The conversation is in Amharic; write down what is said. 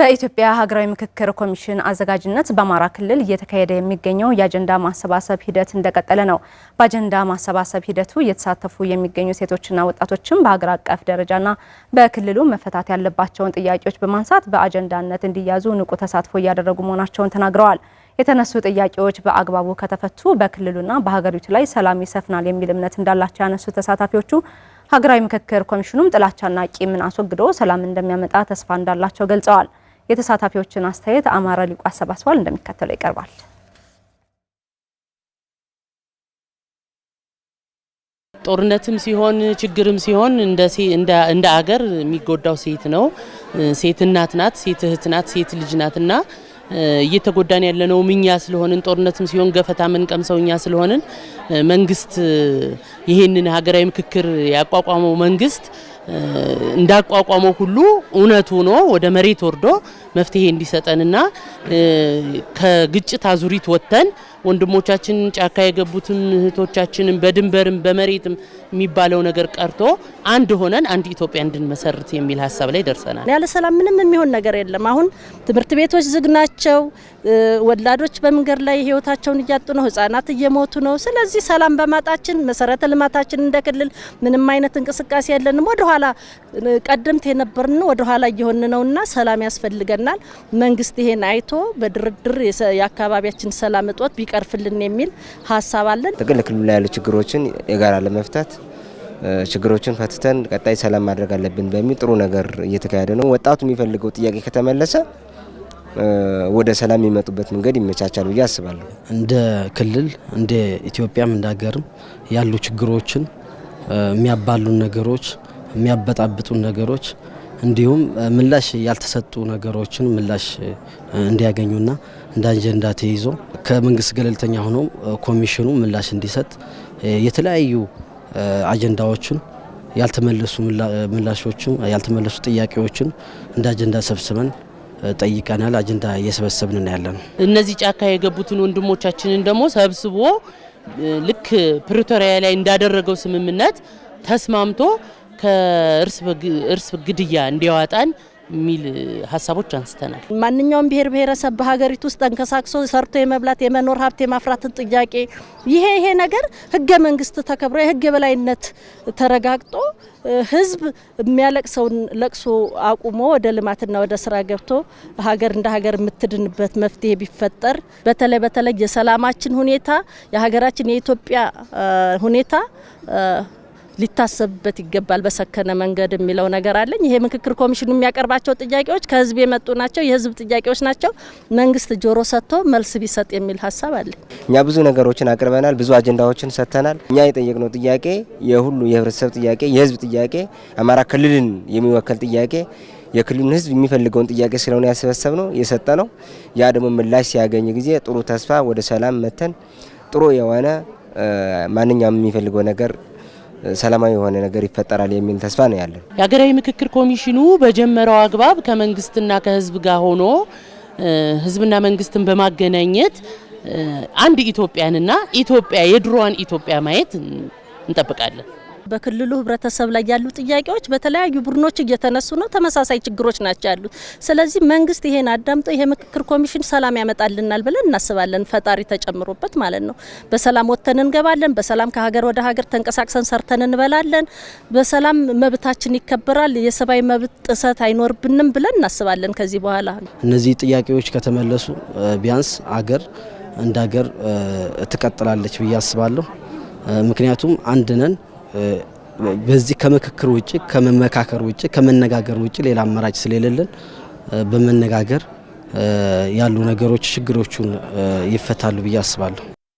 በኢትዮጵያ ሀገራዊ ምክክር ኮሚሽን አዘጋጅነት በአማራ ክልል እየተካሄደ የሚገኘው የአጀንዳ ማሰባሰብ ሂደት እንደቀጠለ ነው። በአጀንዳ ማሰባሰብ ሂደቱ እየተሳተፉ የሚገኙ ሴቶችና ወጣቶችም በሀገር አቀፍ ደረጃና በክልሉ መፈታት ያለባቸውን ጥያቄዎች በማንሳት በአጀንዳነት እንዲያዙ ንቁ ተሳትፎ እያደረጉ መሆናቸውን ተናግረዋል። የተነሱ ጥያቄዎች በአግባቡ ከተፈቱ በክልሉና በሀገሪቱ ላይ ሰላም ይሰፍናል የሚል እምነት እንዳላቸው ያነሱ ተሳታፊዎቹ ሀገራዊ ምክክር ኮሚሽኑም ጥላቻና ቂምን አስወግዶ ሰላም እንደሚያመጣ ተስፋ እንዳላቸው ገልጸዋል። የተሳታፊዎችን አስተያየት አማራ ሊቁ አሰባስቧል፣ እንደሚከተለው ይቀርባል። ጦርነትም ሲሆን ችግርም ሲሆን እንደ አገር የሚጎዳው ሴት ነው። ሴት እናት ናት፣ ሴት እህት ናት፣ ሴት ልጅ ናትና እየተጎዳን ያለነው እኛ ስለሆንን ጦርነትም ሲሆን ገፈታ የምንቀምሰው እኛ ስለሆንን መንግስት ይህንን ሀገራዊ ምክክር ያቋቋመው መንግስት እንዳቋቋመው ሁሉ እውነት ሆኖ ወደ መሬት ወርዶ መፍትሄ እንዲሰጠንና ከግጭት አዙሪት ወጥተን ወንድሞቻችን ጫካ የገቡትን እህቶቻችንን በድንበርም በመሬትም የሚባለው ነገር ቀርቶ አንድ ሆነን አንድ ኢትዮጵያ እንድንመሰርት የሚል ሀሳብ ላይ ደርሰናል። ያለ ሰላም ምንም የሚሆን ነገር የለም። አሁን ትምህርት ቤቶች ዝግ ናቸው። ወላዶች በመንገድ ላይ ህይወታቸውን እያጡ ነው። ህጻናት እየሞቱ ነው። ስለዚህ ሰላም በማጣችን መሰረተ ልማታችን እንደ ክልል ምንም አይነት እንቅስቃሴ የለንም ወደ ኋላ ቀደምት የነበርን ወደ ኋላ እየሆን ነውና ሰላም ያስፈልገናል። መንግስት ይሄን አይቶ በድርድር የአካባቢያችን ሰላም እጦት ቢቀርፍልን የሚል ሀሳብ አለን። ጥቅል ክልሉ ላይ ያሉ ችግሮችን የጋራ ለመፍታት ችግሮችን ፈትተን ቀጣይ ሰላም ማድረግ አለብን በሚል ጥሩ ነገር እየተካሄደ ነው። ወጣቱ የሚፈልገው ጥያቄ ከተመለሰ ወደ ሰላም የሚመጡበት መንገድ ይመቻቻል ብዬ አስባለሁ። እንደ ክልል እንደ ኢትዮጵያም እንደ ሀገርም ያሉ ችግሮችን የሚያባሉን ነገሮች የሚያበጣብጡን ነገሮች እንዲሁም ምላሽ ያልተሰጡ ነገሮችን ምላሽ እንዲያገኙና እንደ አጀንዳ ተይዞ ከመንግስት ገለልተኛ ሆኖ ኮሚሽኑ ምላሽ እንዲሰጥ የተለያዩ አጀንዳዎችን ያልተመለሱ ምላሾችን ያልተመለሱ ጥያቄዎችን እንደ አጀንዳ ሰብስበን ጠይቀናል። አጀንዳ እየሰበሰብን ያለ ነው። እነዚህ ጫካ የገቡትን ወንድሞቻችንን ደግሞ ሰብስቦ ልክ ፕሪቶሪያ ላይ እንዳደረገው ስምምነት ተስማምቶ ከእርስ ግድያ እንዲያወጣን የሚል ሀሳቦች አንስተናል። ማንኛውም ብሔር ብሔረሰብ በሀገሪቱ ውስጥ ተንከሳክሶ ሰርቶ የመብላት የመኖር ሀብት የማፍራትን ጥያቄ ይሄ ይሄ ነገር ህገ መንግስት ተከብሮ የህግ የበላይነት ተረጋግጦ ህዝብ የሚያለቅሰውን ለቅሶ አቁሞ ወደ ልማትና ወደ ስራ ገብቶ ሀገር እንደ ሀገር የምትድንበት መፍትሄ ቢፈጠር በተለይ በተለይ የሰላማችን ሁኔታ የሀገራችን የኢትዮጵያ ሁኔታ ሊታሰብበት ይገባል በሰከነ መንገድ የሚለው ነገር አለኝ። ይሄ ምክክር ኮሚሽኑ የሚያቀርባቸው ጥያቄዎች ከህዝብ የመጡ ናቸው፣ የህዝብ ጥያቄዎች ናቸው። መንግስት ጆሮ ሰጥቶ መልስ ቢሰጥ የሚል ሀሳብ አለ። እኛ ብዙ ነገሮችን አቅርበናል፣ ብዙ አጀንዳዎችን ሰጥተናል። እኛ የጠየቅነው ጥያቄ የሁሉ የህብረተሰብ ጥያቄ፣ የህዝብ ጥያቄ፣ አማራ ክልልን የሚወከል ጥያቄ የክልሉን ህዝብ የሚፈልገውን ጥያቄ ስለሆነ ያሰበሰብ ነው የሰጠ ነው። ያ ደግሞ ምላሽ ሲያገኝ ጊዜ ጥሩ ተስፋ ወደ ሰላም መተን ጥሩ የሆነ ማንኛውም የሚፈልገው ነገር ሰላማዊ የሆነ ነገር ይፈጠራል የሚል ተስፋ ነው ያለን። የሀገራዊ ምክክር ኮሚሽኑ በጀመረው አግባብ ከመንግስትና ከህዝብ ጋር ሆኖ ህዝብና መንግስትን በማገናኘት አንድ ኢትዮጵያንና ኢትዮጵያ የድሮዋን ኢትዮጵያ ማየት እንጠብቃለን። በክልሉ ህብረተሰብ ላይ ያሉ ጥያቄዎች በተለያዩ ቡድኖች እየተነሱ ነው። ተመሳሳይ ችግሮች ናቸው ያሉት። ስለዚህ መንግስት ይሄን አዳምጦ ይሄ ምክክር ኮሚሽን ሰላም ያመጣልናል ብለን እናስባለን። ፈጣሪ ተጨምሮበት ማለት ነው። በሰላም ወጥተን እንገባለን። በሰላም ከሀገር ወደ ሀገር ተንቀሳቅሰን ሰርተን እንበላለን። በሰላም መብታችን ይከበራል። የሰብአዊ መብት ጥሰት አይኖርብንም ብለን እናስባለን። ከዚህ በኋላ እነዚህ ጥያቄዎች ከተመለሱ ቢያንስ አገር እንደ ሀገር ትቀጥላለች ብዬ አስባለሁ። ምክንያቱም አንድ ነን። በዚህ ከምክክር ውጭ ከመመካከር ውጭ ከመነጋገር ውጭ ሌላ አማራጭ ስለሌለን በመነጋገር ያሉ ነገሮች ችግሮቹን ይፈታሉ ብዬ አስባለሁ።